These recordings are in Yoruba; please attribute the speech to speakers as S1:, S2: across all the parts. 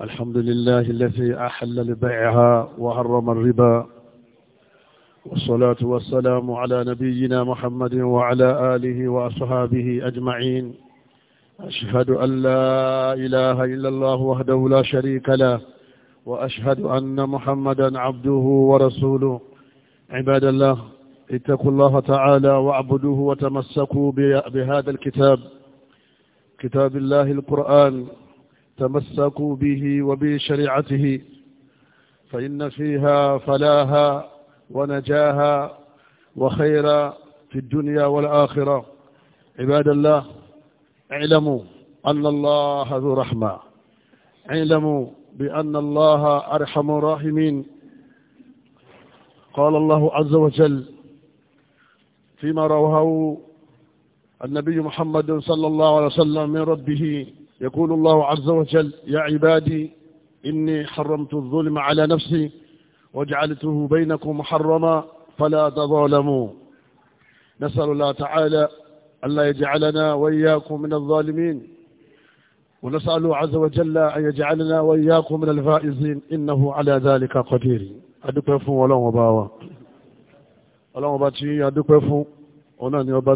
S1: الحمد لله الذي أحل لبيعها وحرم الربا والصلاة والسلام على نبينا محمد وعلى آله وأصحابه أجمعين أشهد أن لا إله إلا الله وحده لا شريك له وأشهد أن محمدا عبده ورسوله عباد الله اتقوا الله تعالى واعبدوه وتمسكوا بهذا الكتاب كتاب الله القرآن تمسكوا به وبشريعته فإن فيها فلاها ونجاها وخيرا في الدنيا والآخرة عباد الله اعلموا أن الله ذو رحمة اعلموا بأن الله أرحم الراحمين قال الله عز وجل فيما رواه النبي محمد صلى الله عليه وسلم من ربه يقول الله عز وجل يا عبادي إني حرمت الظلم على نفسي وجعلته بينكم محرما فلا تظالموا نسأل الله تعالى أن يجعلنا وإياكم من الظالمين ونسأله عز وجل أن يجعلنا وإياكم من الفائزين إنه على ذلك قدير adúpẹ́ fún ọlọ́run ọba wa ọlọ́run ọba tí adúpẹ́ fún ọ̀nà ni ọba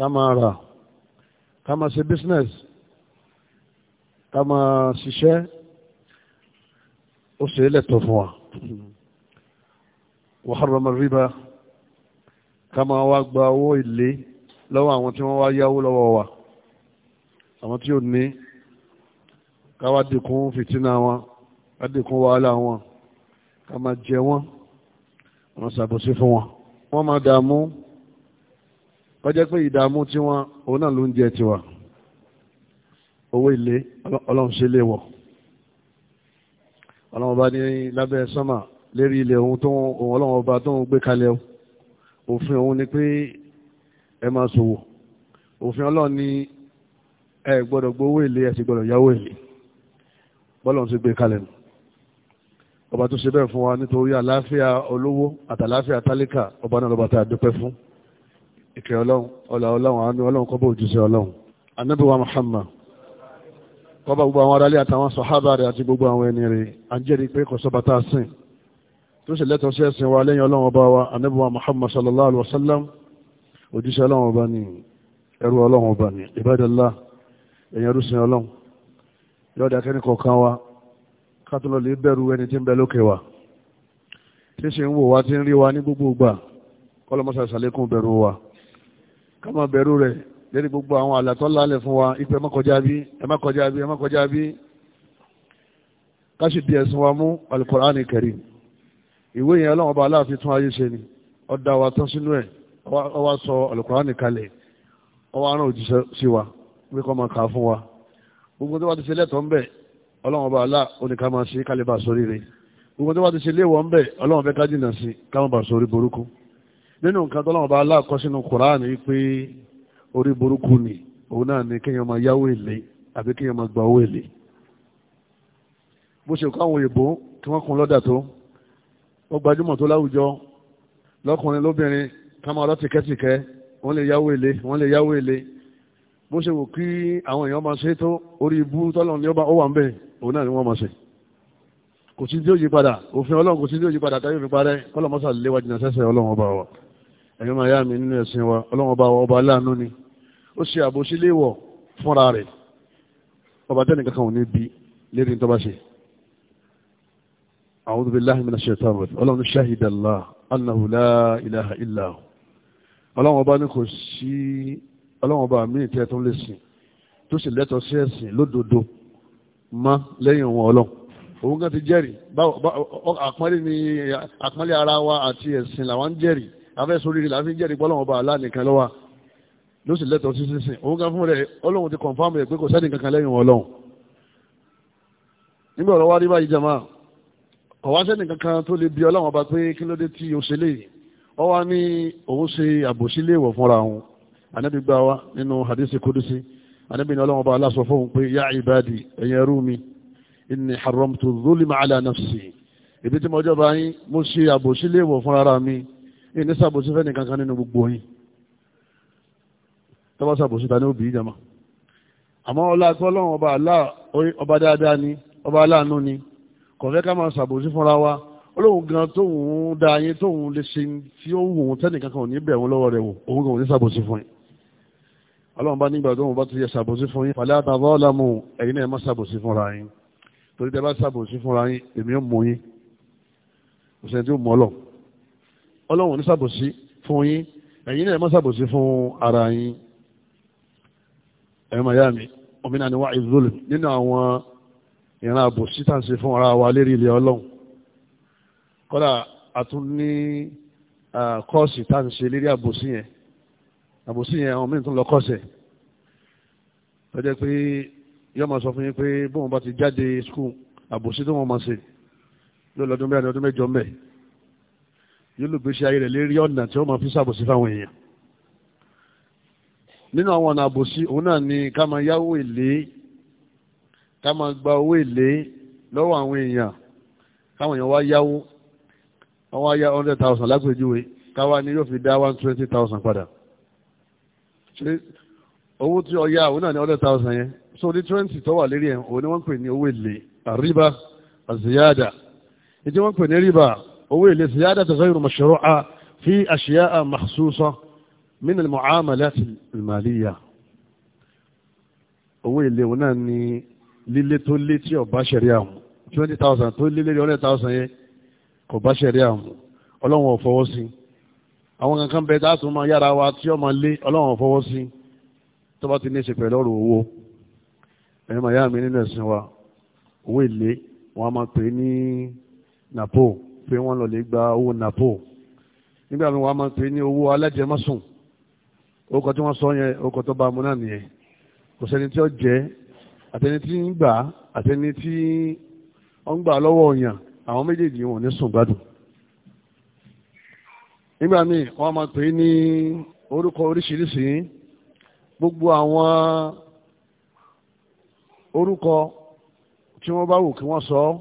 S1: ká máa rà ká máa ṣe business ká máa ṣiṣẹ́ ó ṣe é lẹ́tọ̀ fún wa wa harrama riba ká máa wá gba owó ilé lọ́wọ́ àwọn tí wọ́n wá yáwó lọ́wọ́ wa àwọn tí ò ní ká wá dínkù fìtínà wọn ká dínkù wàhálà wọn ká máa jẹ wọn wọn ṣàbòsí fún wọn wọn máa dààmú kọjá pé ìdààmú tiwọn òun náà ló ń jẹ tiwa owó ilé ọlọ́run ṣe lè wọ̀ ọlọ́run ọba ní lábẹ́ sọ́mà lérí ilẹ̀ ohun tó ohun ọlọ́run ọba tó ń gbé kalẹ̀ òfin òun ni pé ẹ máa ṣòwò òfin ọlọ́run ni ẹ gbọ́dọ̀ gbówó ilé ẹ sì gbọ́dọ̀ yáwó ilé bọ́lọ́run ti gbé kalẹ̀ ọba tó ṣe bẹ́ẹ̀ fún wa nítorí àlàáfíà olówó àtàlàáfíà tálíkà ọba náà lọ́ba tá a dúpẹ́ fún ìkẹ́ ọlọ́run ọlá ọlọ́run àánú ọlọ́run kó bá òjíṣẹ́ ọlọ́run ànábì wa Muhammad kó bá gbogbo àwọn aráalé àtàwọn sọ̀hábà rẹ̀ àti gbogbo àwọn ẹni rẹ̀ à ń jẹ́rìí pé kò sọ́ba tá a sìn tó sì lẹ́tọ̀ọ́ sí ẹ̀sìn wa lẹ́yìn ọlọ́run ọba wa ànábì wa Muhammad sallallahu alayhi wa sallam òjíṣẹ́ ọlọ́run ọba ni ẹrú ọlọ́run ọba ni tí ṣe ń wò wá tí ń rí wa ní gbogbo ìgbà kọ́lọ́mọ́sà ṣàlékún bẹ̀rù wa. Kama máa bẹ̀rù rẹ̀ lérí gbogbo àwọn àlàtọ́ lálẹ̀ fún wa ipe ẹ má kọjá bí ẹ má kọjá bí ẹ má kọjá bí ká sì di ẹ̀sìn wa mú alukur'ani karim ìwé yẹn ọlọ́wọ́n bá aláàfin tún ayé ṣe ni ọ̀dà wa tán sínú ẹ̀ ọ wá sọ alukur'ani kalẹ̀ ọ wá rán òjíṣẹ́ sí wa wí kọ́ máa kà á fún wa gbogbo tó bá ti ṣe lẹ́tọ̀ọ́ ń bẹ̀ ọlọ́wọ́n bá aláà oníkà máa ṣe kálíbà sórí rẹ̀ gbogbo tó bá ti ṣe léèwọ̀ ń bẹ̀ ọlọ́wọ́n fẹ́ ká sí káwọn sórí burúkú nínú nǹkan tó lọ́wọ́ bá aláàkọ́ sínú kùránì pé orí burúkú ni òun náà ni kéèyàn máa yáwó èlé àbí kéèyàn máa gba owó èlé bó ṣe kọ́ àwọn òyìnbó tí wọ́n kun lọ́dà tó ó gbajúmọ̀ tó láwùjọ lọ́kùnrin lóbìnrin ká máa lọ́tìkẹ́tìkẹ́ wọ́n lè yáwó èlé wọ́n lè yáwó èlé bó ṣe wò kí àwọn èèyàn máa ṣe tó orí ibú tọ́lọ̀ ní ó wà ń bẹ̀ òun náà ni wọ́n máa ṣe kò sí tí ó yí padà òfin ọlọ́run kò sí tí ó yí padà táyé òfin parẹ́ kọ́lọ́mọ́sà léwájú náà sẹ́sẹ̀ ọlọ́run ọba wa ẹ̀yọ́ máa yá mi nínú ẹ̀sìn wa ọlọ́run ọba ọba aláàánú ni ó ṣe àbòsí léwọ̀ fúnra rẹ̀ ọba tẹ́nì kankan ò ní bi lérí tó bá ṣe a'udhu billahi minash shaitani rajim ọlọ́run shahida Allah annahu la ọlọ́run ọba ní kò sí ọlọ́run ọba mi tẹ́ tó lè sìn tó sì lẹ́tọ̀ọ́ sí ẹ̀sìn lódodo má lẹ́yìn òun ọlọ́run òun kan ti jẹ́rìí àpọ́nlé ara wa àti ẹ̀sìn làwọn jẹ́rìí afẹ́ sórí rẹ̀ láti ń jẹ́rìí pọ́lọ́wọ́n ọba àlá nìkan lọ́wọ́ ló sì lẹ́tọ̀ọ́ sí sísìn òun kan fún rẹ̀ ọlọ́run ti kọ̀nfàmù rẹ̀ pé kò sẹ́ni kankan lẹ́yìn ọlọ́run nígbà ọ̀rọ̀ wá rí báyìí jama kọ̀ wá sẹ́ni kankan tó lè bi ọlọ́run ọba pé kí ló dé tí o ṣe léyìí ọ wá ní òun ṣe àbòsí léèwọ̀ fúnra òun anábì gbà wá nínú hadisi kudusi anábì ní ọlọ́run ọba Allah fóun pé yá ìbàdí ẹ̀yin ẹrú mi inni haramtu dhulma ala nafsi ibi tí mo jọba yín mo ṣe àbòsí léèwọ̀ fúnra mi ní sàbòsí fẹ́ nìkankan nínú gbogbo yín tọ́bá sàbòsí ta ní òbí ìjàmà àmọ́ ọlá akọ́lọ́run ọba aláà ọba dáadáa ni ọba aláàánú ni kọ̀fẹ́ ká máa sàbòsí fúnra wa olóhùn gan tóhùn da yín tóhùn lè ṣe tí ó wù ún tẹ́nìkankan ò ní bẹ̀ wọn lọ́wọ́ rẹ̀ wò òun kò ní sàbòsí fún yín ọlọ́run bá nígbà tóhùn bá ti yẹ sàbòsí fún yín fàlẹ́ àtàwọn ọlọ́mù ẹ̀yin náà má sàbòsí fúnra yín torí tẹ́ bá sàbòsí fúnra yín èmi ò mú yín òṣèlú tí ó mú ọlọ́run ọlọ́run ní sàbòsí fún yín ẹ̀yin náà má sàbòsí fún ara yín ẹ̀yìn màyá mi òmìnira ni wà ìzúlù nínú àwọn ìran àbòsí tá à ń ṣe fún ara wa lérí ilẹ̀ ọlọ́run kọ́dà àtún ní kọ́ọ̀sì tá à ń ṣe lérí àbòsí yẹn àbòsí yẹn àwọn mìíràn tún lọ kọ́ọ̀sẹ̀ tọ́jẹ́ pé yọ́ máa sọ fún yín pé bóun bá ti jáde skul àbòsí tó wọ́n máa ṣe lọ́lọ́dún mẹ́rin ọdún mẹ́jọ mẹ́rin yóò lò gbèsè ayé rẹ̀ lérí ọ̀nà tí ó máa fi ṣàbòsí fáwọn èèyàn nínú àwọn ọ̀nà àbòsí òun náà ni ká máa yáwó èlé ká máa gba owó èlé lọ́wọ́ àwọn èèyàn káwọn èèyàn wá yáwó wọ́n wá yá hundred thousand lápèjúwe káwa ni yóò fi dá one twenty thousand padà ṣe owó tí ó yá òun náà ni hundred thousand yẹn so ní twenty tó wà lérí ẹ̀ òun ni wọ́n pè ní owó èlé àríbá àzíyáàdà ètí wọ́n pè ní ríbà owó èlé غير ghayru في أشياء ashya'a من المعاملات المالية. muamalat al-maliyya owó èlé wọn náà ni lílé tó lé tí ọba ṣẹ̀rí àmú twenty thousand tó lé thousand yẹn kò bá ṣẹ̀rí àmú ọlọ́run ò fọwọ́ sí àwọn kankan bẹ́ẹ̀ dáàtú máa yára wa tí ọmọ lé ọlọ́run ò fọwọ́ sí tó bá ti ní ṣe pẹ̀lú ọ̀rọ̀ owó ẹ̀yin màyá mi nínú ẹ̀sìn wa owó èlé wọn a máa pè é ní napo pé wọ́n lọ lè gba owó napo nígbà mi wàá máa pè ní owó alájẹmọ́sùn orúkọ tí wọ́n sọ yẹn orúkọ tó bá mu náà nìyẹn kò sẹ́ni tí ó jẹ́ àtẹni tí ń gbà àtẹni tí ó ń gbà lọ́wọ́ òyàn àwọn méjèèjì wọn ò ní sùn gbádùn nígbà míì wọ́n máa pè ní orúkọ oríṣiríṣi gbogbo àwọn orúkọ tí wọ́n bá wù kí wọ́n sọ ọ́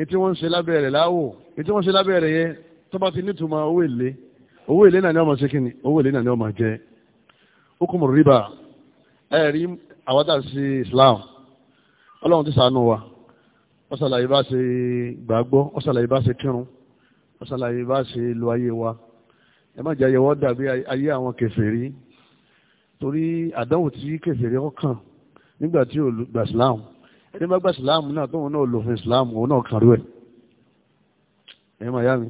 S1: ní tí wọ́n ń ṣe lábẹ́ rẹ̀ láwò ní tí wọ́n ń ṣe lábẹ́ rẹ̀ yẹn tó bá ti nítumọ̀ owó èlé owó èlé náà ni wọ́n máa ṣe kí ni owó èlé náà ni wọ́n máa jẹ́ ó rírà ẹ̀rí àwádà sí Islam ọlọ́run ti sànú wa ó ṣàlàyé bá ṣe gbàgbọ́ ó ṣàlàyé bá ṣe kírun ó ṣàlàyé bá ṣe lo ayé wa ẹ má jẹ́ ayé wọ́n dàbí ayé àwọn kèfèrí torí àdánwò tí kèfèrí ọkàn nígbà tí ò gbà Islam ẹni bá gba ìsìláàmù náà tóun náà lò fún ìsìláàmù òun náà kàrú ẹ̀ ẹ̀yìn màá yá mi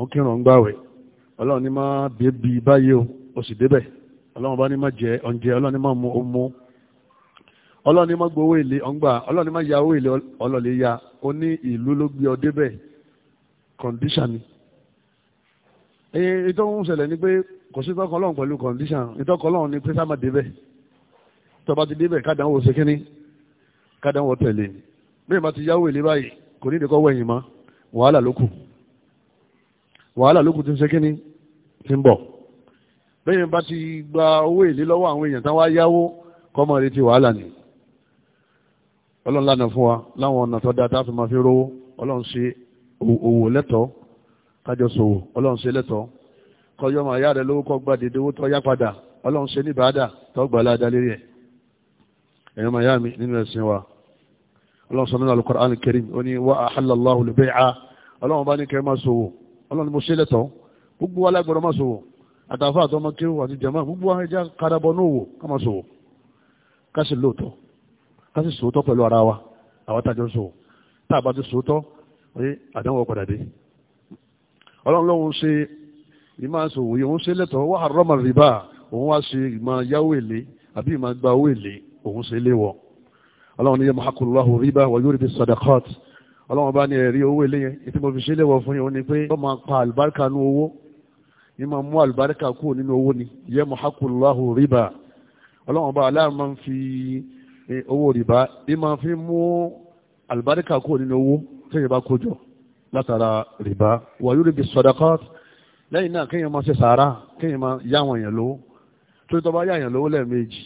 S1: ó kírun ń gbàwẹ̀ ọlọ́run ní máa bèbí báyìí o ó sì débẹ̀ ọlọ́run bá ní máa jẹ ọ̀njẹ ọlọ́run ní máa mu ó mú ọlọ́run ní máa gbowó èlé ọ̀ngbà ọlọ́run ní máa ya owó èlé ọlọ́lẹ̀ ya ó ní ìlú ló gbé ọ débẹ̀ kọ̀ǹdíṣàn ni ètò ń ṣẹlẹ̀ ni pé kò sí tọkọ ọlọ́run pẹ̀lú kọ̀ǹdíṣàn ìtọkọ ọlọ́run ni pé sá ti débẹ̀ kádàáwò ṣe kínní kádánwò tẹ̀lé ni bẹ́ẹ̀ bá ti yáwó èlé báyìí kò ní ìdíkọ́ wẹ̀yìn mọ́ wàhálà lókù wàhálà lókù ti ń ṣe kíní ti ń bọ̀ bẹ́ẹ̀ bá ti gba owó èlé lọ́wọ́ àwọn èèyàn tán yáwó kọ́mọ rẹ ti wàhálà ni ọlọ́run lánà fún wa láwọn ọ̀nà tó dáa tá a fi máa fi rówó ọlọ́run ṣe òwò lẹ́tọ̀ọ́ kájọ ṣòwò ọlọ́run ṣe lẹ́tọ̀ọ́ kọjọ́ máa yá rẹ lówó kọ́ gbàdédé owó tó yá padà ọlọ́run ṣe níbàádà tó gbà ládàá lérí ẹ̀ ẹ̀yọ́ miami nínú ẹ̀sìn wa ọlọ́run sọ nínú al-Qur'an al-Karim ó ní wa ahalla Allahu al-bay'a ọlọ́run bá ní kẹ́ máa ṣòwò ọlọ́run ni mo ṣe lẹ́tọ̀ọ́ gbogbo alágbọ̀dọ̀ máa ṣòwò àtàfà àtọ́ máa kéwò àti jama gbogbo ẹja karabọ̀ ní òwò ká máa ṣòwò ká sì lóòótọ́ ká sì sòótọ́ pẹ̀lú ara wa àwọn tàjọ ṣòwò tá a bá ti sòótọ́ pé àdánwò padà dé ọlọ́run lọ́hún òun ṣe léwọ̀ ọlọ́run ní yamhaqullahu riba wa yurbi sadaqat ọlọ́run bá ní ẹ̀rí owó ilé yẹn ìtí mo fi ṣe léwọ̀ fún yẹn ó ní pé ó máa pa àlùbáríkà nú owó ní máa mú àlùbáríkà kúrò nínú owó ni yamhaqullahu riba ọlọ́run bá aláàrùn máa ń fi owó rìbá ní máa fi mú àlùbáríkà kúrò nínú owó tẹ́yìn bá kójọ látara rìbá wa yurbi sadaqat lẹ́yìn náà kéèyàn máa ṣe sàárà kéèyàn máa yá àwọn èèyàn lówó torí tó bá yá èèyàn lówó lẹ́ẹ̀mejì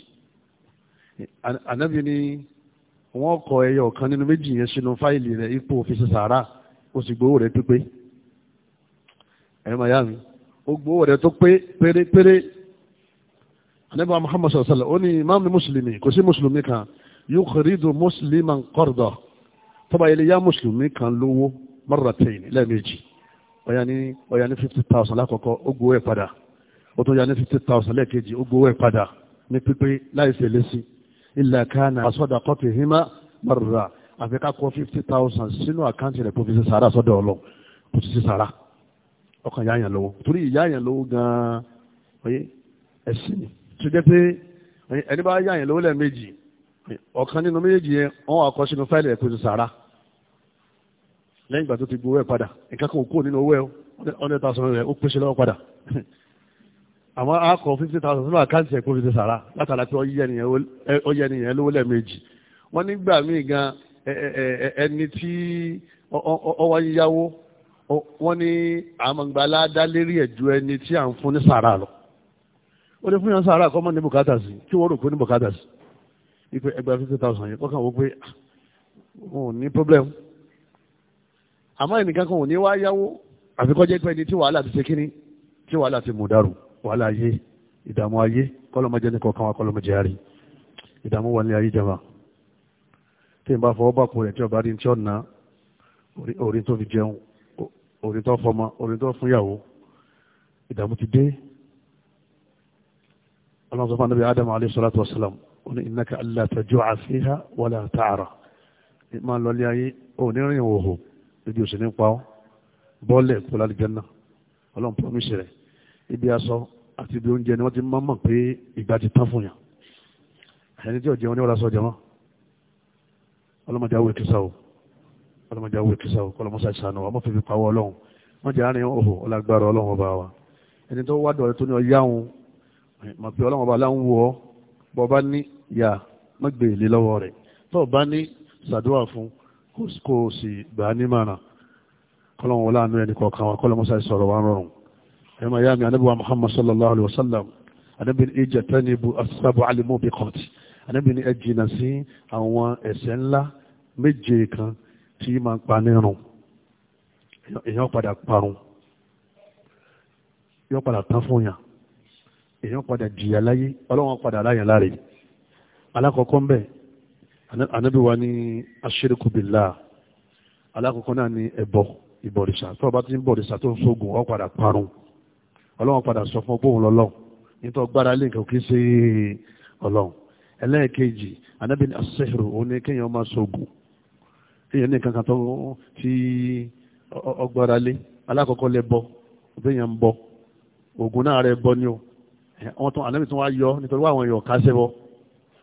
S1: ànábì ni wọ́n kọ ẹyọ ọ̀kan nínú méjì yẹn sínú fáìlì rẹ̀ ipò òfin sàárà ó sì gbowó rẹ̀ pípé ẹ̀rọ màyà mi ó gbowó rẹ̀ tó pé pérépéré ànábì Muhammad sallallahu ó ní imáàmù mùsùlùmí kò sí mùsùlùmí kan yóò kọ̀rídù mùsùlùmí kọ̀rọ̀dọ̀ tọ́ba ilé yá mùsùlùmí kan lówó marratain lẹ́ẹ̀mejì ọ̀yà ní ọ̀yà ní fifty thousand lákọ̀ọ́kọ́ ó gbowó ẹ̀ padà ó tún yà ní fifty thousand lẹ́ẹ̀kejì ó gbowó ẹ̀ padà ní pípé láì fèlé sí i illa kana sadaqatihima marra àfi ká kọ fifty thousand sínú àkáǹtì rẹ̀ kó fi ṣe sàrà sọ́dọ̀ ọlọ́run kò sì ṣe sàrà ọkàn ìyá yẹn lọ́wọ́ torí ìyá yẹn lọ́wọ́ gan-an oye ẹ̀sìn ni tó jẹ́ pé ẹni bá yá yẹn lọ́wọ́ lẹ́ẹ̀mejì ọ̀kan nínú méjèèjì yẹn wọ́n wà kọ sínú fáìlì rẹ̀ kó ṣe sàrà lẹ́yìn ìgbà tó ti gbowó ẹ̀ padà nǹkan kan kò kúrò nínú owó ẹ̀ hundred thousand rẹ̀ ó pèsè lọ́wọ́ padà àmọ́ a kọ fifty thousand sínú àkáǹtì ẹ̀kọ́ fi ti sàrà látara pé ọyẹ nìyẹn lówó lẹ́ẹ̀mejì wọ́n nígbà míì gan ẹni tí ọwọ́ yíyáwó wọ́n ní àmọ̀gbálá dá lérí ẹ̀jú ẹni tí à ń fún ní sàrà lọ ó ní fún yàn sàrà kọ́ mọ́ ní bùkátà sí kí wọ́n rò pé ní bùkátà sí ipe ẹgbẹ́ fifty thousand yẹn kọ́kàn wó pé ah, wọn ò ní problem àmọ́ ẹnìkan kan ò ní wá yáwó àfikọ́jẹ́ pé ẹni tí wàhálà ti ṣe kíní tí wàhálà ti mú dàrú wàhálà ayé ìdààmú ayé kọ́lọ́mọjẹ́ ní kọ̀ọ̀kan wa kọ́lọ́mọjẹ́ àrí ìdààmú wà ní ayé jẹba tí n bá fọwọ́ bá kú rẹ̀ tí ọba rí tí ọ̀nà orí tó fi jẹun orí tó fọmọ orí tó fún yàwó ìdààmú ti dé ọlọ́run sọ fún anábì Adam alayhi salatu wa salam ó ní innaka alla tajua fiha wala ta'ra máa lọ lé ayé òní rìn òhò lójú òsì nípa ọ bọ́ọ̀lẹ̀ kó lálẹ́ jẹ́ náà ọlọ́run promise rẹ̀ ibi aṣọ àti ibi oúnjẹ ni wọ́n ti máa mọ̀ pé ìgbà ti tán fún yàn ẹni tí ọ̀jẹ̀ wọn ní wọ́n lásọ jẹun ọlọ́mọdé awo ìkísà o ọlọ́mọdé awo ìkísà o kọlọmọsá ìsànù wa mọ̀fẹ́ fi pawọ́ ọlọ́run wọ́n jẹ́ àárín òhò ọlágbára ọlọ́run ọba wa ẹni tó wá dọ̀rẹ́ tó ní ọyá òun mọ̀ pé ọlọ́run ọba aláwọ̀ wọ́ bọ́ bá ní yà mọ́gbè ilé lọ́wọ́ rẹ̀ tó bá ní sàdúrà fún kò sì gbà á nímọ̀ràn kọlọ́run ọlá àánú ẹnì kọ̀ọ̀kan wa kọlọmọsá ìsọ̀rọ̀ wa rọrùn ẹ̀mọ̀ ya mi anábíwa muhammad sallallahu alaihi wasallam anábí ìjẹ tẹ́nibu asábọ̀ alimọ́ bí kọ́t anábí ni ẹ jìnà sí àwọn ẹ̀ṣẹ̀ ńlá méje kan tí máa ń pa nírun èèyàn padà parun yóò padà tán fún yàn èèyàn padà jìyà láyé ọlọ́wọ́n padà láyàn láre alákọ̀ọ́kọ́ ń bẹ̀ anábíwa ni aṣíríkù billah alákọ̀ọ́kọ́ náà ni ẹbọ ìbọ̀rìṣà tó bá ti ń bọ̀rìṣà tó ń sógun ó padà ọlọ́run padà sọ fún bóun lọ́lọ́run nítorí gbára lè kò kí ṣe ọlọ́run ẹlẹ́ẹ̀kejì anábì asẹ́rù òun ni kéèyàn máa ṣoògùn kéèyàn ní kankan tó fi ọgbára lé alákọ̀ọ́kọ́ lẹ bọ béèyàn ń bọ ògùn náà rẹ bọ ni o wọn tún anábì tún wá yọ nítorí wà àwọn èèyàn ká sẹ́bọ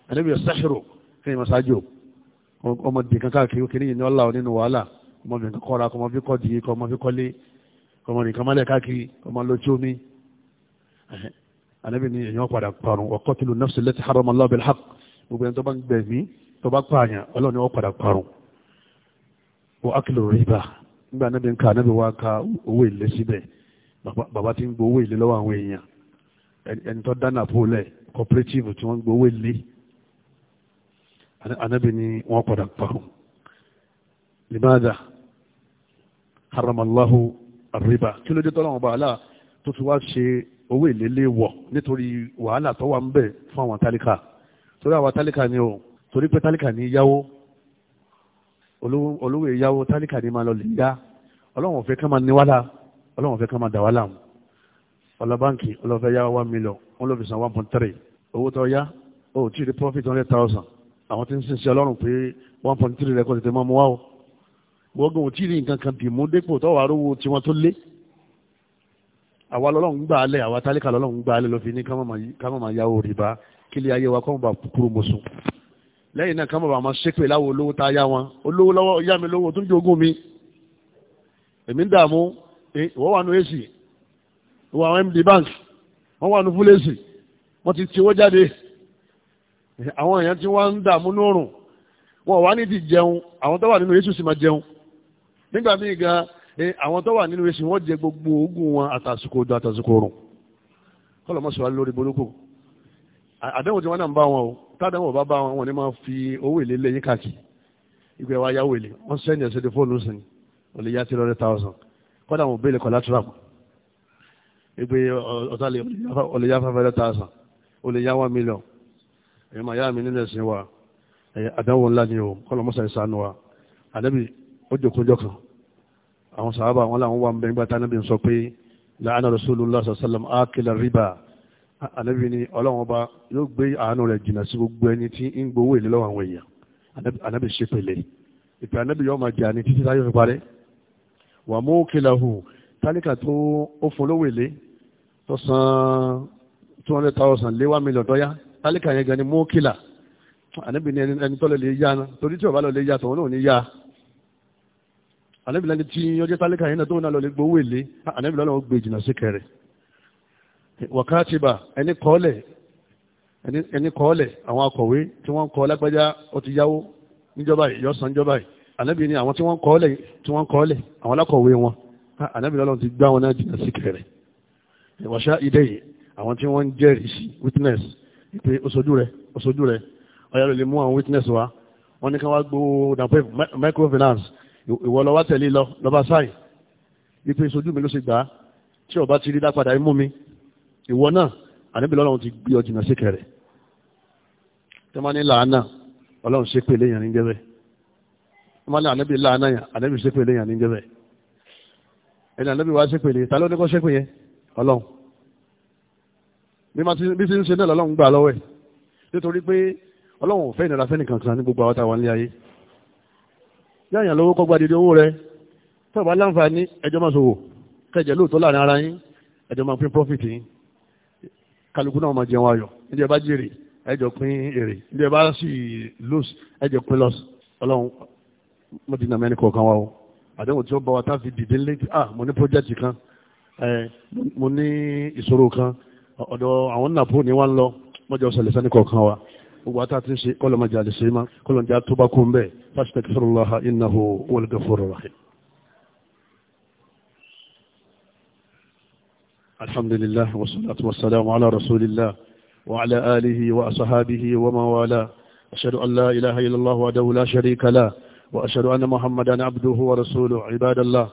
S1: anábì asẹ́rù kéèyàn máa ṣáájú ọmọdé kankan kiri kiri yìí ni ọlá nínú wàhálà ọmọbìnrin kọ́ra kọ́mọ fi kọmọ nìkan mọ́lẹ̀ káàkiri kọmọ lójú omi anabi ni èèyàn padà parun ọkọtìlú nafsi lẹ́tí haramallah bil haqq gbogbo ẹni tó bá ń gbẹ̀mí tó bá pààyàn ọlọ́ni ó padà parun wọ́n akílò rìbá nígbà anabi ń ka anabi wá ka owó ilé síbẹ̀ bàbá ti ń gbowó ilé lọ́wọ́ àwọn èèyàn ẹni tó dáná pólẹ̀ cooperative tí wọ́n gbowó ilé anabi ni wọ́n padà parun limaada haramallahu àríbá kí ló dé tọ́lọ́run ọba àlá tó ti wá ṣe owó ìlélẹ̀ wọ̀ nítorí wàhálà tó wà ń bẹ̀ fún àwọn tálíkà torí àwọn tálíkà ni o torí pé tálíkà ní yáwó olówó ìyáwó tálíkà ní máa lọ lè yá ọlọ́run ò fẹ́ ká máa níwálà ọlọ́run ò fẹ́ ká máa dàwálà àwọn ọlọ báńkì ọlọ́fẹ́ yá one million wọ́n lọ fi san one point three owó tó yá o tí ì rí profit hundred thousand àwọn tí ń sin sí ọlọ́run pé one point three rẹ̀ kọ́ tètè máa mú wá o gbọ́gbọ́n ò tí ì rí nǹkan kan dìmú dépò tó wà rówó tiwọn tó lé àwa lọ́lọ́run gbà á lẹ̀ àwa tálíkà lọ́lọ́run gbà á lẹ̀ ló fi ní ká má máa yáwó rìbá kí lè ayé wa kọ́ mọ̀ bá kúrò mọ̀sùn lẹ́yìn náà ká mọ̀ bá máa ṣépè láwo olówó tá a yá wọn olówó lọ́wọ́ yá mi lówó tó ń jogún mi èmi ń dààmú wọ́n wà nù èsì wọ́n àwọn md bank wọ́n wà nù fúlẹ́sì wọ́n ti tiwọ́ jáde àwọn èèyàn ti wá ń dààmú nórùn wọn ò wá ní jẹun àwọn tó wà nínú Jésù sì máa jẹun nígbà míì gan eh, àwọn tó wà nínú eṣin wọ́n jẹ gbogbo ogun wọn àtàsùkò odò àtàsùkò rùn kọ́lọ̀ mọ́sùn wa lórí burúkú àdéhùn tí wọ́n náà ń bá wọn o tádéhùn bá bá wọn wọn ni máa fi owó èlé lẹ́yìn káàkiri ìgbẹ́ wa yáwó èlé wọ́n sẹ́yìn ẹ̀sẹ̀ fóònù sìn wọ́n lè yá three hundred thousand kọ́dà wọn bẹ́ẹ̀lẹ̀ collateral ìgbẹ́ ọ̀tá lè yá five hundred thousand ó lè yá one million ẹ̀yọ́ màá yá mi nínú ẹ̀sìn wa àdéhùn ńlá ni o kọ́lọ̀ mọ́sàn ó jòkójọ́ kan àwọn sàhábà wọn làwọn wà ń bẹ nígbà tá anábì ń sọ pé láàánú rasulullah sallam akila riba anábì ni ọlọ́wọ́n bá yóò gbé àánú rẹ̀ jìnnà sí gbogbo ẹni tí ń gbowó èlé lọ́wọ́ àwọn èèyàn anábì ṣe pèlè ìpè anábì yóò máa jẹ àní títí táyọ̀ fi parẹ́ wà mú kìlàhù tálíkà tó ó fún lówó èlé tó san two hundred thousand lé one million dọ́yà tálíkà yẹn gan ni mú kìlà anábì ni ẹni tó lè yá torí tí ò bá lọ lè yá tòun náà ò ní yá ànẹ́bìlá ni tí ọjọ́ tálíkà yìí náà tó náà lọ lè gbowó èlé ànẹ́bìlá náà ó gbé ìjìnà sí kẹrẹ wàkátìbà ẹni kọ́ọ̀lẹ̀ ẹni kọ́ọ̀lẹ̀ àwọn akọ̀wé tí wọ́n kọ́ lágbájá ó ti yáwó níjọba yìí yọ san ni àwọn tí wọ́n kọ́ọ̀lẹ̀ tí wọ́n kọ́ọ̀lẹ̀ àwọn alákọ̀wé wọn ànẹ́bìlá náà ti gbá wọn náà jìnà sí kẹrẹ wàṣà ìdẹ yìí àwọn tí wọ́n ń jẹ́rìí witness pé oṣojú rẹ̀ oṣojú rẹ̀ ọ̀yà lè mú àwọn witness wa wọ́n ní ká wá gbowó microfinance ìwọ lọ wá tẹ̀lé lọ lọ́ba sáì ipe ìṣojú mi ló ṣe gbà á tí ọba ti rí dápadà imú mi ìwọ náà àníbi lọ́lọ́run ti gbé ọ jìnnà sí kẹrẹ̀ tẹ́ máa ní làánà ọlọ́run ṣe pé léyàn ní jẹ́bẹ̀ tẹ́ máa ní àníbi làánà yàn àníbi ṣe pé léyàn ní jẹ́bẹ̀ ẹni àníbi wá ṣe pé lè ta ló ní kó ṣe pé yẹn ọlọ́run bí ti ń ṣe náà lọ́lọ́run gbà lọ́wọ́ ẹ̀ nítorí pé ọlọ́run ò fẹ́ ìnira fẹ́nìkan kan ní gbogbo àwọn táwọn ilé ayé yáyàn lówó kọ́ gbadede owó rẹ tọ́ọ̀bá ní ẹjọ́ máa ṣòwò kẹjẹ lóòótọ́ láàrin ara yín ẹjọ́ máa pín profit yín kálukú náà máa jẹun ayọ̀ níbi ẹ bá jèrè ẹjọ́ pín èrè níbi ẹ bá sì lose ẹjọ́ pín loss ọlọ́run واتاتي شيء كل ما جاء لسيما كل ما جاء توبكم به فاستغفر الله انه هو الغفور الرحيم الحمد لله والصلاة والسلام على رسول الله وعلى آله وأصحابه والاه أشهد أن لا إله إلا الله وحده لا شريك له وأشهد أن محمدا عبده ورسوله عباد الله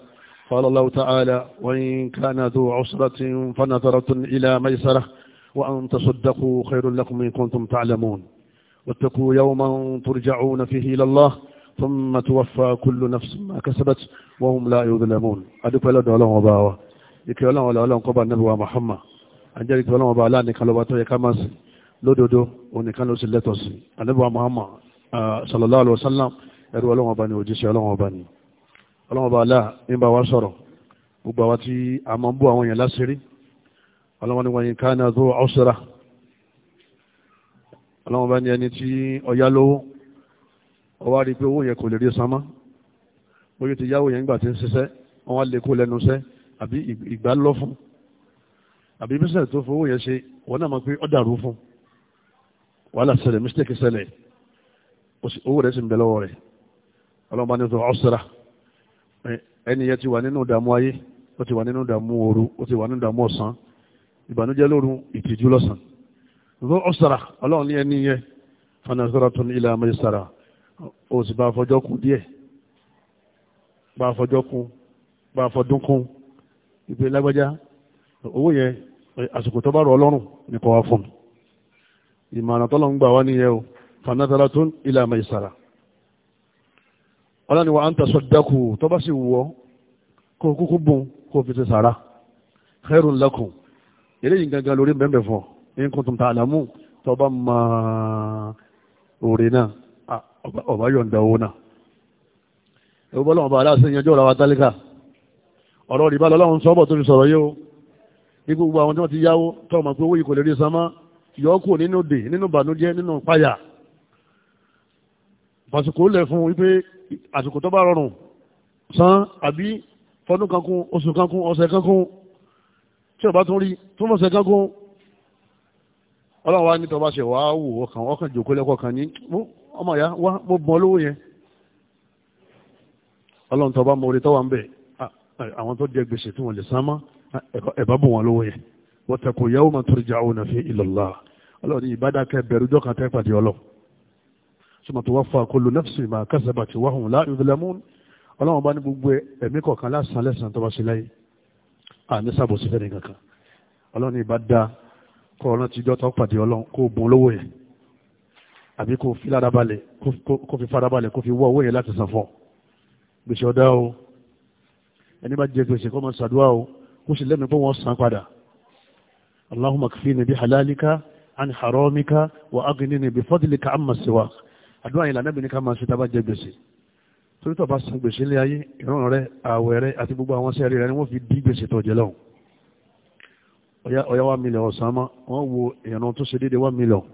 S1: قال الله تعالى وإن كان ذو عسرة فنظرة إلى ميسرة وأن تصدقوا خير لكم إن كنتم تعلمون واتقوا يوما ترجعون فيه إلى الله ثم توفى كل نفس ما كسبت وهم لا يظلمون أدوك لدى الله وباوة يكي الله ولا الله قبع النبي ومحمد أنجلك الله وباوة لا نكال وباتو يكامس لدودو ونكال وسلتوس النبي ومحمد صلى الله عليه وسلم ẹrú ọlọ́wọ́n ọba ni òjíṣẹ́ ọlọ́wọ́n ọba ni ọlọ́wọ́n ọba aláà nígbà wá sọ̀rọ̀ gbogbo àwa tí a máa ń bú àwọn èèyàn ọlọ́wọ́n bá ní ẹni tí ọya lówó ọwá rí pé owó yẹn kò lè rí san mọ́ bóyá ti yáwó yẹn nígbà tí ń ṣiṣẹ́ wọ́n wá lè kó lẹ́nu iṣẹ́ àbí ìgbà lọ fún àbí bísẹ̀ tó fowó yẹn ṣe wọ́n náà mọ̀ pé ó dàrú fún wàhálà ṣẹlẹ̀ mistake ṣẹlẹ̀ owó rẹ̀ sì ń bẹ lọ́wọ́ rẹ̀ ọlọ́wọ́n bá ní sọ ọ̀sẹ̀ra ẹni yẹn ti wà nínú ìdààmú ayé ó ti wà nínú ìdààmú òru ó ti wà nínú ìdààmú ọ̀sán ìbànújẹ́ lóru ìtìjú lọ́sàn ro ọ̀sára ọlọ́run ní ẹni yẹn fanazara tó ní ilẹ̀ amẹ́sára ó sì bá fọjọ́ kún díẹ̀ bá fọjọ́ kún bá fọdún kún ìpè lágbájá owó yẹn àsìkò tó bá rọ ọlọ́run ní kọ́ wá fún mi ìmọ̀ràn tọ́lọ́ ń gbà wá nìyẹn o fanazara tó ní ilẹ̀ amẹ́sára ọlọ́run ni wà á ń tó bá sì wọ́ kó kúkú bùn kó fi ti sàrà khairun lakum eléyìí gangan lórí bẹ́ẹ̀ fún ọ in kuntum ta'lamun tó bá mọ òrè náà ọba yọ̀ǹda owó náà ewu bọ́lá ọba aláṣẹ ìyanjú ọ̀rọ̀ wa tálíkà ọ̀rọ̀ rìbá lọ́lọ́run sọ́bọ̀ tó fi sọ̀rọ̀ yìí o ní gbogbo àwọn tí wọ́n ti yáwó tó mọ̀ pé owó yìí kò lè rí sanmọ́ yọ́kù nínú dè nínú bànújẹ́ nínú páyà fàsìkò lẹ̀ fún wípé àsìkò tó bá rọrùn san àbí fọdún kankun oṣù kankun ọ̀sẹ̀ kankun tí ọba tún rí túnmọ̀sẹ̀ kankun ọlọ́run wa ní tọba ṣe wàá wò ọkàn ọkàn jòkó lẹ́kọ̀ọ́ kan ní ọmọ ìyá wá mo bọ́ lówó yẹn ọlọ́run tọba mo rí tọ́wà ń bẹ̀ àwọn tó jẹ gbèsè tí wọ́n lè sánmọ́ ẹ̀bá bò wọ́n lówó yẹn wattaqu yawman turja'una fi ila Allah ọlọ́run ní ìbádá kẹ bẹ̀rù jọ́kan tẹ́ pàdé ọlọ́ summa tuwaffa kullu nafsin ma kasabat wa hum la yuzlamun ọlọ́run bá ní gbogbo ẹ̀mí kọ̀ọ̀kan lásán lẹ́sàn tó bá ṣe láyé à ní sábòsí fẹ́ni kankan ọlọ́run ní kó ọ̀ràn tíjọ́ tó pàdé ọlọ́run kó bùn lówó yẹn àbí kó fi farabalẹ̀ kó fi farabalẹ̀ kó fi wọ́ owó yẹn láti san fún ọ gbèsè ọ̀dá o ẹni bá jẹ gbèsè kó máa ṣàdúrà o kó sì lẹ́mìí pé wọ́n san padà allahumma kfini bi halalika an haramika wa aghnini bi fadlika amma siwak àdúrà yìí lànà bìnrin ká máa ṣe tá a bá jẹ gbèsè torí tó bá san gbèsè ilé ayé ìran rẹ àti gbogbo àwọn sẹ́ẹ̀rì rẹ ni wọ́n fi dí gbèsè tó jẹ lọ́hùn ọ̀yá wá mílíọ̀n ọ̀sán mọ́ wọ́n wo ìrànà tó ṣe déédé wá mílíọ̀n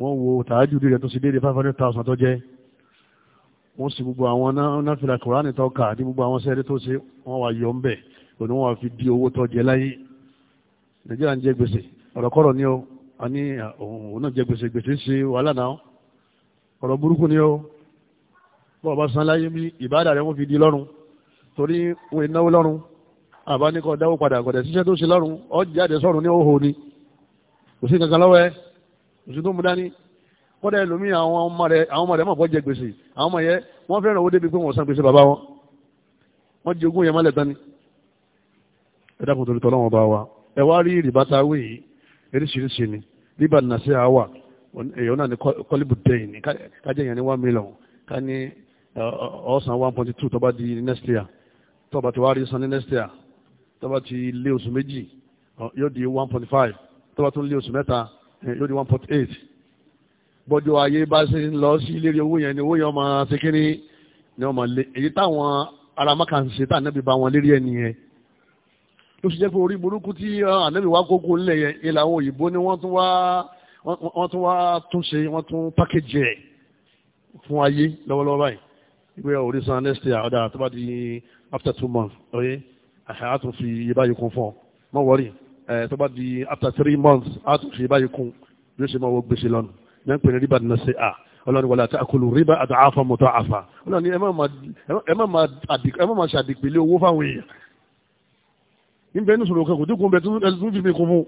S1: wọ́n wo tààjú rẹ̀ tó ṣe déédé five hundred thousand tó jẹ́ wọ́n sì gbogbo àwọn náfìlà kùránì tó kà ní gbogbo àwọn sẹ́ẹ̀dẹ́ tó ṣe wọ́n wá yọ ńbẹ̀ òní wọ́n wá fi di owó tó jẹ láyé nàìjíríà ń jẹ gbèsè ọ̀rọ̀kọ́rọ̀ ni ó a ní òun náà jẹ gbèsè gbèsè ń ṣe wàhálà náà ọ̀rọ̀ burúkú ni ó bọ́ọ̀ bá san láyé bí ìbáàdà rẹ̀ wọ́n fi di lọ́rùn torí òun ìnáwó lọ́rùn àbá ní kọ́ dáwó padà kọ̀dẹ̀ ṣiṣẹ́ tó ṣe lọ́rùn ọ jáde sọ́run ní òhò ni kò sí kankan lọ́wọ́ ẹ kò sí tó mú dání kọ́dẹ̀ ẹlòmíì àwọn ọmọ rẹ̀ àwọn ọmọ rẹ̀ mọ̀ bọ́ jẹ gbèsè àwọn ọmọ yẹn wọ́n fẹ́ràn owó débi pé wọ́n san gbèsè bàbá wọn wọ́n jẹ ogún yẹn mọ́lẹ̀ tán ni ẹ dákun torí tọ́lọ́wọ́n bá wa ẹ wá rí rìbá ta wé yìí eríṣiríṣi ni rìbá nàṣẹ àwà èèyàn náà ní kọ́líbù dẹ́yìn ní kájẹ́ yẹn ní one million ká ní ọ̀sán one point two tó di next year tó bá ti rí san ní next year tó bá ti lé oṣù méjì yóò di one point five tó bá tún lé oṣù mẹ́ta yóò di one point eight bọ́jọ́ ayé bá ṣe ń lọ sí lérí owó yẹn ni owó yẹn máa ṣe kínní ni wọ́n máa lé èyí táwọn ará Mákà ń ṣe tá ànábì bá wọn lérí ẹ̀ nìyẹn ló ṣe jẹ́ pé orí burúkú tí ànábì wá kókó ńlẹ̀ yẹn ìlà àwọn òyìnbó ni wọ́n tún wá wọ́n tún wá tún ṣe wọ́n tún pákéjì ẹ̀ fún ayé lọ́wọ́lọ́wọ́ báyìí ìgbéyàwó orí san next year ọ̀dà tó bá di after two months ọ̀yẹ́. Okay? a tún fi iye báyìí kún fún ọ mọ wọrí ẹ tó bá di after three months a tún fi iye báyìí kún yóò ṣe máa wọ gbèsè lọ́nu yẹn ń pè ní riba ní ṣe à ọlọ́ni wọlé àti akulu riba àti àfa mọ̀tọ́ àfa ọlọ́ni ẹ má máa ṣàdìpẹ̀lẹ̀ owó fáwọn èèyàn níbẹ̀ ní sọ̀rọ̀ kankan dínkù bẹ̀ tún fi mi kún fún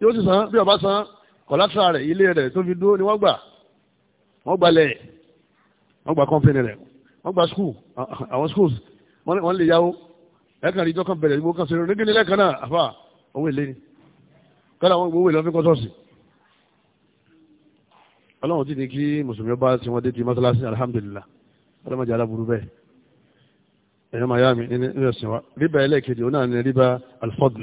S1: yóò sì san bí ọba san kọ̀látà rẹ̀ ilé rẹ̀ tó fi dúró ni wọ́n gbà wọ́n gbalẹ̀ wọ́n gba kọ́ńpìnì rẹ̀ wọ́n gba skul àwọn skools wọ́n lè yáwó ẹ̀kan ìjọ kan bẹ̀rẹ̀ ìwọ kan ṣe rẹ́gẹ́lẹ́ lẹ́kan náà àfà owó èlé ni kọ́lá àwọn ìwé lọ́fín kọ́sọ́ọ̀sì ọlọ́run ti ní kí mùsùlùmí ọba tí wọ́n dé ti mọ́sálásí alhamdulillah ọlọ́mọdé aláburú bẹ́ẹ̀ ẹ̀yọ́ máa yá mi nínú ẹ̀sìn wa ríbà ẹlẹ́ẹ̀kejì òun náà ní ríbà alfadl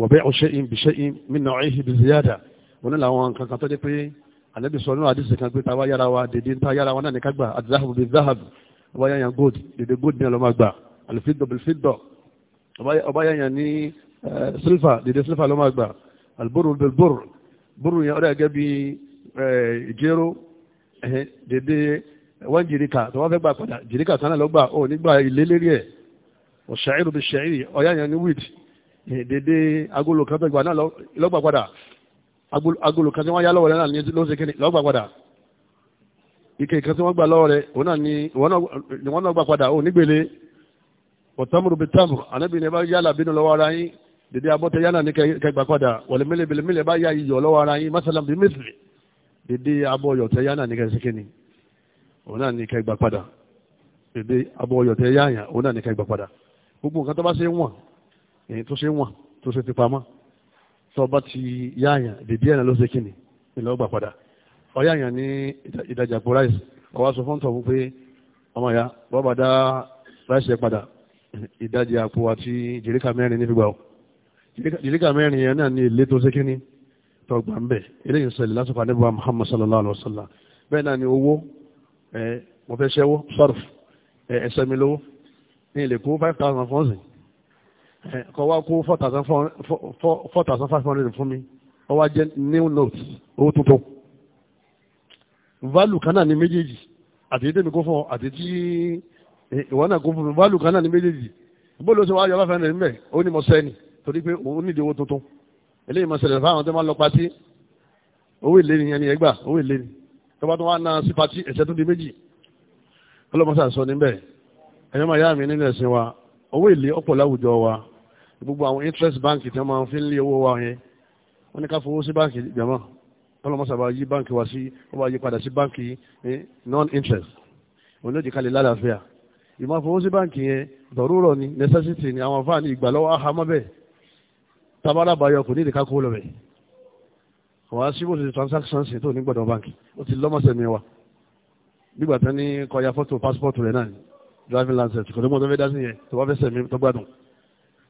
S1: wa bai'u shay'in bi shay'in min naw'ihi bi ziyada òun náà làwọn nǹkan kan tó dé pé ànábì sọ nínú àdìsí kan pé táwa yára wa dèdè ń ta yára wa náà ní kágbà àdìsáhàbù bi záhàbù ọba yáyan gold dèdè gold ní ọlọ́mọ àgbà alifidọ̀ bilfidọ̀ ọba yáyan ní silfa dèdè silfa ọlọ́mọ àgbà alburu bilburu buru yẹn ọ̀rẹ́ gẹ́gẹ́ bí ìjẹ́rọ dèdè wọ́n jìríkà tó wọ́n fẹ́ gbà padà jìríkà kan náà lọ́gbà ó nígbà ilé lérí ẹ̀ ọ̀ṣàìrù bí ṣàìrì ọ̀yá yẹn ní wíìd dèdè agolo kan fẹ́ gbà náà lọ́gbà padà agolo kan tí wọ́n yá lọ́wọ́ náà ló ń ṣe kíni lọ́gbà padà ike kan tí wọ́n gbà lọ́wọ́ rẹ̀ òun náà ni wọ́n náà gbà padà òun nígbèlè ọ̀tọ́mùrù bíi táàmù ànábì ni ẹ bá yálà bínú lọ́wọ́ ara yín dèdè abọ́tẹ yálà ní kẹgbà padà wọ̀lẹ̀ mílẹ̀ bílẹ̀ mílẹ̀ bá yá iyọ̀ lọ́wọ́ ara yín masalam bíi mísìlì dèdè abọ́yọ̀tẹ yálà ní ni òun náà ní kẹgbà padà dèdè abọ́yọ̀tẹ yáyà òun náà ní kẹgbà padà gbogbo nǹkan tó bá ṣe ń wọ̀n èyí tó ṣe ń wọ̀n tó ṣe ti pamọ́ tó ọyá yàn ní ìdajàpọ̀ ráìsì ọwá sọ fún tọ̀hún pé ọmọ ìyá bọ́bà dá ráìsì ẹ padà ìdajì àpò àti jìríkà mẹ́rin ní fígbà ọ jìríkà mẹ́rin yẹn náà ní ilé tó ṣe kíní tọgbà ń bẹ̀ eléyìí ṣẹlẹ̀ lásìkò àdébà Muhammad sallallahu alayhi wa sallam bẹ́ẹ̀ náà ni owó ẹ mo fẹ́ ṣẹ́wó sọ́rf ẹ̀ṣẹ́ mi lówó ní ilé kó five thousand fọ́ọ̀sì kọ wá kó four thousand five hundred fún mi ọ wá jẹ́ new note owó tuntun value kan náà ni méjèèjì àti ètò ìkó fún ọ àti tí eh, ìwọ náà kó fún mi value kan náà ni méjèèjì bóòlù ó sì wáyọ rẹ̀ níbẹ̀ ó ní mo sẹ́ni torí pé òun nídìí owó tuntun eléyìí máa ṣẹlẹ̀ fáwọn tó máa lọ patí owó ìlérí yẹn ni ẹgbà owó ìlérí tó bá tó wá na sí patí ẹ̀sẹ̀ tó di méjì ọlọ́mọṣà sọ níbẹ̀ ẹ̀yọ́ máa yá mi nínú ẹ̀sìn wa owó ìlé ọ̀pọ̀ láwùjọ wa gbogbo àwọn interest bank tí wọ́n máa fi ń lé owó wa yẹn wọ́n ní ká fowó sí báńkì jẹ̀mọ́ kọlọmọsàbà yí báǹkì wá sí ó bá yí padà sí báǹkì non interest òun ló jìkalẹ̀ lálàáfíà ìmọ̀ fowó sí báǹkì yẹn dọ̀rúrọ̀ ni necessity ni àwọn fáàní ìgbàlọ́wọ́ ahamọ́ bẹ́ẹ̀ tabara bayọ kò ní ìdíkà kó lọ bẹ́ẹ̀ wà á síbò sí transactions tó ní gbọ́dọ̀ báǹkì ó ti lọ́mọ̀sẹ̀ mi wa nígbà tán ní kọyà fọ́tò passport rẹ̀ náà driving license kò ní mọ̀ tó fẹ́ dá sí yẹn tó wá fẹ́ sẹ̀mí tó gbádùn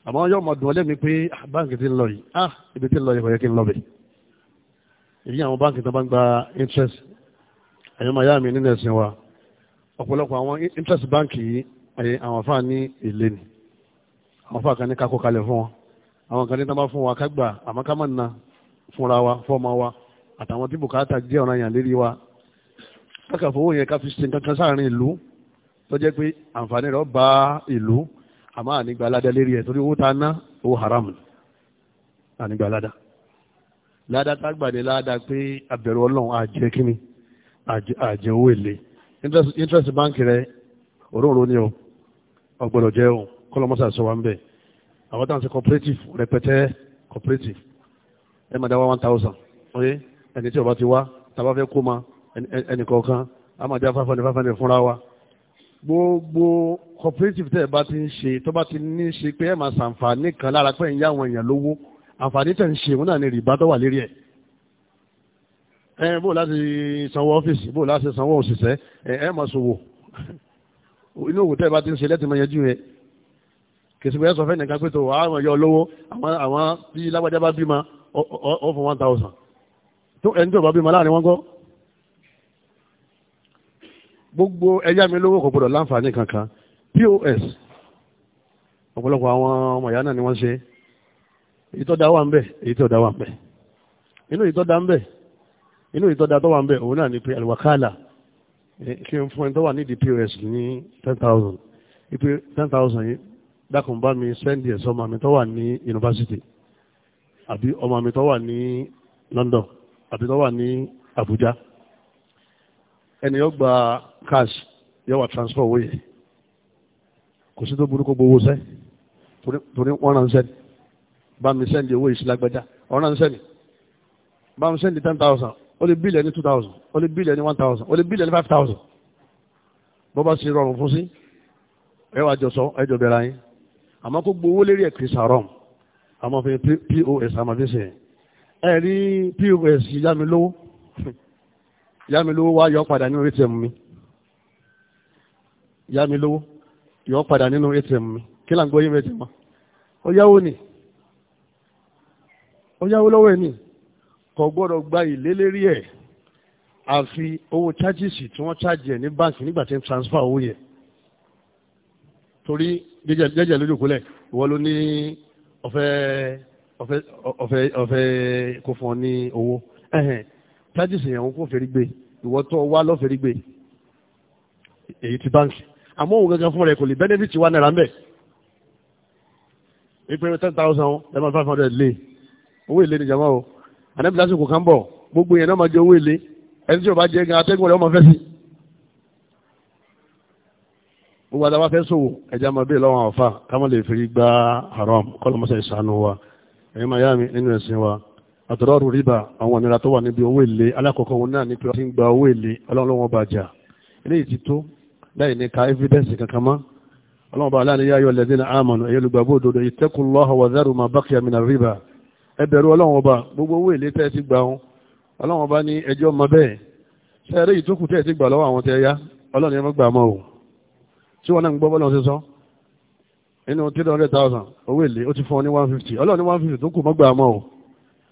S1: àmọ́ yóò mọ̀ dùn ọlẹ́mi pé ah, báǹkì ti ń lọ yìí ah ibi ti ń lọ yìí kò yẹ kí ń lọ bẹ́ẹ̀ èyí àwọn báńkì tó bá ń gba interest ẹ̀yọ́ máa yá mi nínú ẹ̀sìn wa ọ̀pọ̀lọpọ̀ àwọn interest báńkì yìí àwọn afáà ní èlé ni àwọn afáà kan ní kakó kalẹ̀ fún wọn àwọn kan ní tán bá fún wa ká gbà àmọ́ ká má na fúnra wa fọ́ọ̀mà wa àtàwọn tí bùkátà jẹ́ ọ̀ràn yàn lérí wa káka fowó yẹn ká fi ṣe nǹkan kan sáàrin ìlú tó jẹ́ pé àǹfààní rẹ̀ bá ìlú àmọ́ ànígbà lérí ẹ̀ torí owó tá a ná owó haram ànígbà ládàtà gbàdé ládàá pé abẹ̀rù ọlọ́run àjẹ kínní àjẹ owó èlé interest bank rẹ òróòró ni o ọgbọ́dọ̀ jẹ́ o kọ́lọ́mọ́sà sọ wa ń bẹ̀ àwọn táwọn ṣe cooperative rẹpẹtẹ cooperative ẹ máa dá wá one thousand oye ẹni tí ó bá ti wá tàbá fẹ́ kó ma ẹnì kọ̀ọ̀kan a máa dá five hundred fúnra wa gbogbo cooperative tẹ́ ẹ bá ti ń ṣe tó bá ti ní ṣe pé ẹ máa ṣàǹfààní kan lára pé ń yá àwọn èèyàn lówó àǹfààní tẹ̀ ń ṣe òun náà ni rìbá tó wà lérí ẹ̀ ẹ bó láti sanwó ọ́fíìsì bó láti sanwó òṣìṣẹ́ ẹ ẹ máa ṣòwò inú òwò tẹ́ ẹ bá ti ń ṣe lẹ́tìmọ̀ yẹn jù yẹn kìsì bẹ́ẹ̀ sọ fẹ́ nìkan pé tó wà àwọn ẹ̀yọ́ olówó àwọn tí lágbájá bá bímọ ó fún one thousand tó ẹni tó bá bímọ láàrin wọn kọ́ gbogbo ẹ̀yà mi lówó kò gbọdọ̀ láǹfààní kankan POS ọ̀pọ̀lọpọ̀ àwọn ọmọ ìyá náà ni wọ́n ṣe èyí tó da wà ń bẹ̀ èyí tó da wà ń bẹ̀ inú èyí tó da ń bẹ̀ inú èyí tó da tó wà ń bẹ̀ òun náà ni pé àlùwàkálà kí n fún ẹni tó wà nídìí pos ní ten thousand ipe ten thousand yìí dákun bá mi sẹ́ndì ẹ̀sọ́ ọmọ mi tó wà ní yunifásitì àbí ọmọ mi tó wà ní London àbí tó wà ní Abuja ẹni yóò gba cash yóò wà transfer owó yẹ kò sí tó burúkú gbowó sẹ́ torí wọ́n ránṣẹ́ ni bá mi sẹ́ndì owó ìsìlágbẹ́já ọ̀rán sẹ́ndì bá mi sẹ́ndì ten thousand ó lè bílẹ̀ ní two thousand ó lè bílẹ̀ ní one thousand ó lè bílẹ̀ ní five thousand bó bá ṣe rọrùn fún sí ẹ wàá jọ sọ ẹ jọ bẹ̀rẹ̀ ayé àmọ́ kó gbowó lérí ẹ̀ kìí sàrọ̀ àmọ́ fi pos àmọ́ fi ṣe ẹ rí pos yá mi lówó yá mi lówó wá yọ padà nínú atm mi yá mi lówó yọ padà nínú atm mi kí là ń gbọ́ yé mi ó yáwó ni ó yáwó lọ́wọ́ ẹni kò gbọ́dọ̀ gba ìlé lérí ẹ̀ àfi owó chájìsì tí wọ́n chájì ẹ̀ ní báǹkì nígbà tí ń transfer owó yẹ torí jẹ́jẹ́ lójókòólẹ̀ ìwọ ló ní ọ̀fẹ́ ọ̀fẹ́ ọ̀fẹ́ ọ̀fẹ́ kò fún ọ ní owó ẹ̀hẹ̀n chájìsì yẹn kò fẹ́rí gbé ìwọ tó wá lọ́fẹ́rí gbé èyí ti báǹkì àmọ́ òun gangan fún rẹ̀ kò lè benefit wà náírà ń bẹ̀ ìpinnu ten thousand eleven five hundred lé owó èlé ni jama o ànábì lásìkò kan bọ̀ gbogbo yẹn náà máa jẹ owó èlé ẹni tí o bá jẹ gan atẹ́gùn rẹ̀ ọmọ fẹ́ sí. gbogbo àtàwọn afẹ́ sòwò ẹja máa bèè lọ́wọ́ àfa káwọn lè fi gba haram kọ́lọ́ mọ́sá ìsànú wa ẹ̀yin máa yá mi nínú ẹ̀sìn wa àtọ̀rọ̀rù rìbá àwọn ìnira tó wà níbi owó èlé alákọ̀ọ́kọ́ wọn náà ní pé wọ́n ti ń gba owó èlé ọlọ́run lọ́wọ́ bàjá eléyìí ti tó láì ní ka evidence kankan mọ́ ọlọ́run bá aláàníyá yọ lẹ́dínà àmọ̀nù ẹ̀yẹ́lùgbàgbọ́ òdodo ìtẹ́kùn lọ́họ̀ wàzẹ́rù máa bákìyà mìíràn ẹ bẹ̀rù ọlọ́run ọba gbogbo owó èlé tẹ́ ti gbà wọn ọlọ́run ọba ní ẹjọ́ ọmọ bẹ́ẹ̀ ṣe eré ìtókù tẹ́ ti gbà lọ́wọ́ àwọn tẹ́ yá ọlọ́run ẹmọ gbà mọ́ o tí wọ́n náà ń gbọ́ bọ́lọ́run ṣe sọ nínú three hundred thousand owó èlé ó ti fún ọ ní one fifty ọlọ́run ní one fifty tó kù mọ́ gbà mọ́ o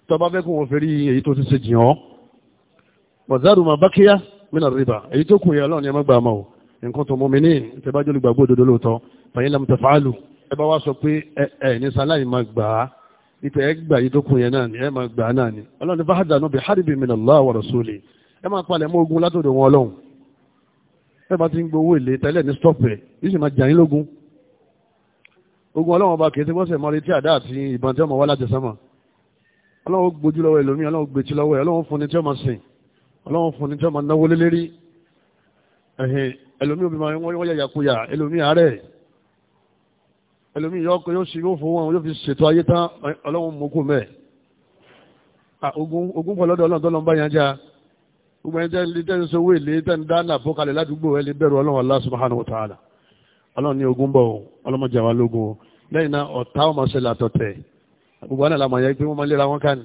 S1: tó bá fẹ́ kó wọn fẹ́rí èyí tó ti ṣe jì hàn bọ̀dárù mà bá kíyá mínà rìbà èyí tó kù yẹ ọlọ́run ẹmọ gbà mọ́ o nǹkan tó mọ́mi ní ìtẹ́bájọ́ olùgbàgbọ́ òdodo lóòótọ́ fàyín lam taf'alu ẹ bá wá sọ pé ẹ ẹ ní sáláì máa gbà á ìtẹ̀ ẹ gbà yìí tó kún yẹn náà ni ẹ máa gbà náà ni ọlọ́run ní fáhádà náà bí haribi min Allah wa rasuli ẹ máa palẹ̀ mọ́ ogun látòdò wọn ọlọ́run ẹ bá ti ń gbowó èlé tẹ́lẹ̀ ní stọ́ọ̀pù ẹ̀ yìí sì máa jà yín lógun ogun ọlọ́run ọba kìí tí wọ́n sẹ̀ mọ́ retí àdá àti ìbọn tí ọmọ wá láti sánmà ọlọ́run gbójú lọ́wọ́ ẹlòmíì ọlọ́run gbèjì ẹlòmí yọkọ yóò ṣe yóò fún wọn yóò fi ṣètò ayé tán ọlọ́run mú mẹ́ ogun pọ̀ lọ́dọ̀ ọlọ́run tó lọ́n bá yẹn já gbogbo ẹni tẹ́ni tẹ́ni sọ wéèlé tẹ́ni dáná bọ́kalẹ̀ ládùúgbò ẹni bẹ̀rù ọlọ́run Allah subhanahu wa ta'ala ọlọ́run ní ogun bọ̀ ọlọ́mọdé àwọn ológun lẹ́yìn náà ọ̀tá ọmọ ṣẹlẹ̀ àtọ̀tẹ̀ gbogbo àná làmọ̀ yẹ pé wọ́n máa léra wọn ká ní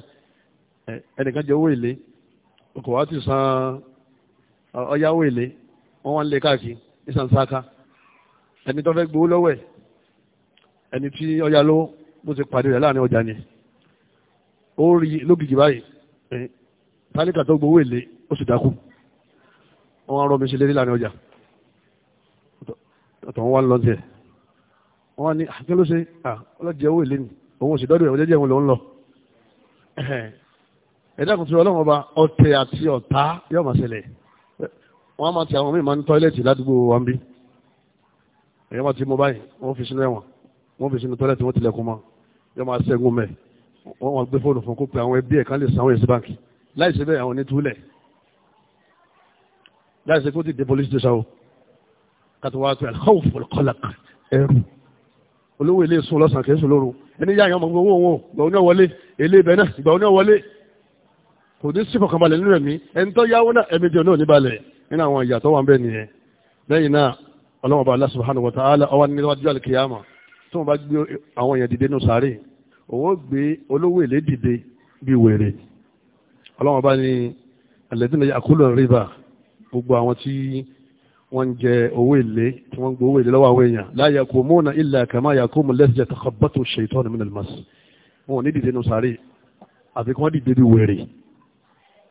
S1: ẹnìkan ẹni tí ọya ló bó ti pàdé rẹ̀ láàrin ọjà ni ó rí lógìjì báyìí tálíkà tó gbowó èlé ó sì dákú wọ́n rọ́ mi ṣe lérí láàrin ọjà ọ̀tọ̀ wọn wá lọ tẹ̀ wọ́n ní àti ah, ló ṣe ọlọ́jẹ́ ah, owó èlé ni òun sì dọ́dọ̀ ẹ̀wọ̀n jẹ́jẹ́ òun lòún lọ ẹ̀dá kùtù ọlọ́run ọba ọ̀tẹ̀ àti ọ̀tá yóò máa ṣẹlẹ̀ wọ́n máa ti àwọn míì máa ń tọ́ílẹ̀tì ládùúgbò wa bí ẹ̀yọ́ máa ti mú báyìí wọ́n fi sínú ẹ̀wọ̀n wọ́n fi sínú tọ́lẹ́tì wọ́n tilẹ̀kùn mọ́ yọ máa ṣẹ́gun mẹ́ wọ́n wọ́n gbé fóònù fún kó pe àwọn ẹbí ẹ̀ kan lè sanwó èsì báǹkì láìsí bẹ́ẹ̀ àwọn onítúlẹ̀ láìsí kó ti dé police station o kàtó wá pé alhawf alqalaq ẹrù olówó ilé sùn lọ́sàn kìí sùn lóru ẹni yá àyàn ọmọ owó wọn ìgbà oní ọwọlé ilé ibẹ̀ náà ìgbà oní ní sí kankan ní tí wọ́n bá gbé àwọn èèyàn dìde nù sáré òun ó gbé olówó èlé dìde bí wèrè ọlọ́wọ́n bá ní alẹ́dínlẹ̀ àkúlọ̀ rìbá gbogbo àwọn tí wọ́n ń jẹ owó èlé tí wọ́n ń gbé owó èlé lọ́wọ́ àwọn èèyàn la yakumuna illa kama yakumu lẹ́sẹ̀ takhabatu shaytanu minal mas wọn ò ní dìde nù sáré àfi kí wọ́n dìde bí wèrè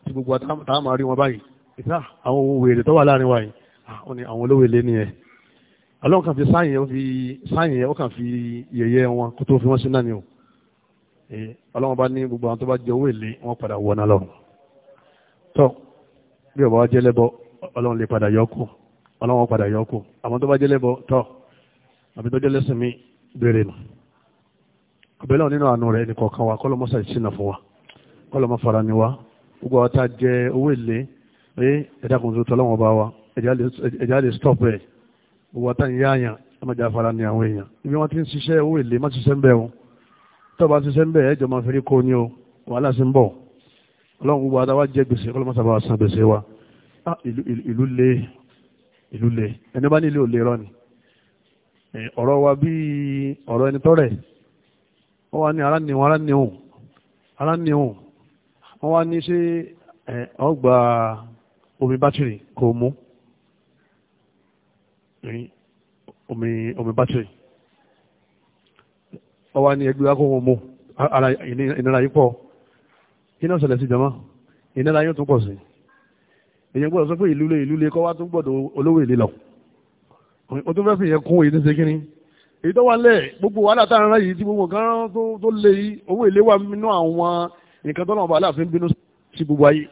S1: tí gbogbo àtàmà rí wọn báyìí ìta ọlọ́run kan fi sáyìn yẹn fi sáyìn yẹn ó kàn fi yẹ̀yẹ́ wọn kó tó fi wọ́n sí náà ni o ọlọ́run bá ní gbogbo àwọn tó bá jẹ owó èlé wọn padà wọ náà lọ́rùn tọ́ bí ọba wa jẹ́ lẹ́bọ ọlọ́run lè padà yọ kù ọlọ́run padà yọ kù àwọn tó bá jẹ́ lẹ́bọ tọ́ àbí tó jẹ́ lẹ́sìn béèrè nù àbẹ́lẹ̀ nínú àánú rẹ̀ nìkọ̀ọ̀kan wa kọ́lọ́ mọ́sà ìṣìnà fún wa kọ́lọ́ fara ni wa gbogbo àwọn tá a jẹ owó èlé ẹ̀dá kùn tó tọ́lọ́wọ́n bá wa ẹ̀dá lè stop rẹ̀ òwò àtàn ìyá àyàn ẹmọjà afárá ni àwọn èèyàn ibi wọn ti ń ṣiṣẹ́ owó èlé má ṣiṣẹ́ ń bẹ̀ wọn tó bá ṣiṣẹ́ ń bẹ̀ ẹ̀jọ̀ máa fẹ́rí kó ní o wàhálà sí ń bọ̀ ọlọ́run gbogbo adáwà jẹ́ gbèsè kọ́lọ́ mọ́sàbà wà san gbèsè wa ah, ìlú le ìlú le ẹni bá nílé òlé rọ ni ọ̀rọ̀ wa bí ọ̀rọ̀ ẹni tọ́rẹ̀ wọ́n wá ní ara nìhun ara wọ́n wá ní ṣé ọgbà omi bátìrì kò mú omi omi bátìrì ọwá ní ẹgbẹ́ akóhun mu ara ìnira yìí pọ̀ iná ṣẹlẹ̀ sí jama ìnira yóò tún pọ̀ sí èyàn gbọ́dọ̀ sọ pé ìlú lé ìlú lé kọ́ wá tún gbọ́dọ̀ olówó ìlú lọ o tún fẹ́ fi yẹn kún èyí ní sekiri èyí tó wà lẹ̀ gbogbo wàhálà tá à ń rán yìí tí gbogbo kan tó lé yìí owó ìlé wà nínú àwọn nǹkan tó náà bá aláàfin bínú sí gbogbo ayé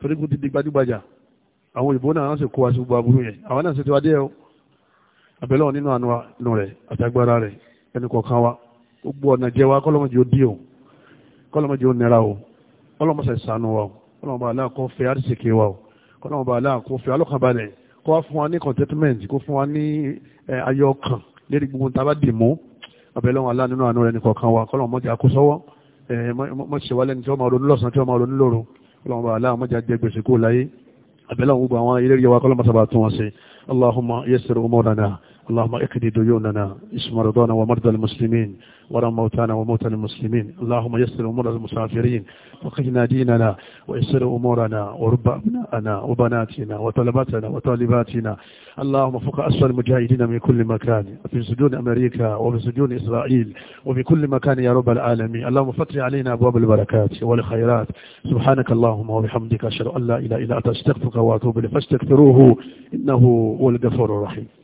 S1: torí kò ti di gbajúgbajà àwọn òyìnbó náà sì kó wa sí gbogbo aburú yẹn àwọn náà sì ti wá dé o àbẹ̀lẹ̀ wọn nínú àánú inú rẹ̀ àtàgbára rẹ̀ ẹnì kọ̀ọ̀kan wa gbogbo ọ̀nà jẹ́ wa kọ́lọ́mọdé ó dí o kọ́lọ́mọdé ó nira o kọ́lọ́mọsẹ̀ sànù wa o kọ́lọ́mọba aláàkọ́ fẹ́ àrísìkè wa o kọ́lọ́mọba aláàkọ́ fẹ́ alọ́kànbalẹ̀ kó wá fún wa ní contentment kó fún wa ní ayọ̀ ọkàn lérí gbogbo tá a bá dì mú àbẹ̀lẹ̀ wọn aláàánú àánú rẹ̀ ẹnì kọ̀ọ̀kan wa kọ́lọ́mọdé àkósọ́wọ́ àbẹ̀lẹ̀ àwọn gbogbo àwọn ilé ìyẹwà kọ́lọ́mọsábà tún wọn ṣe allahumma yassir umurana اللهم اقضي ديوننا اسم رضانا ومرضى المسلمين ورم موتانا وموتى المسلمين اللهم يسر أمور المسافرين وقنا ديننا ويسر أمورنا ورب ابنائنا وبناتنا وطلباتنا وطالباتنا اللهم فوق اسر المجاهدين من كل مكان في سجون أمريكا وفي سجون إسرائيل وفي كل مكان يا رب العالمين اللهم فتح علينا أبواب البركات والخيرات سبحانك اللهم وبحمدك أشهد أن لا إله إلا أنت أستغفرك وأتوب إليك فاستغفروه إنه هو الغفور الرحيم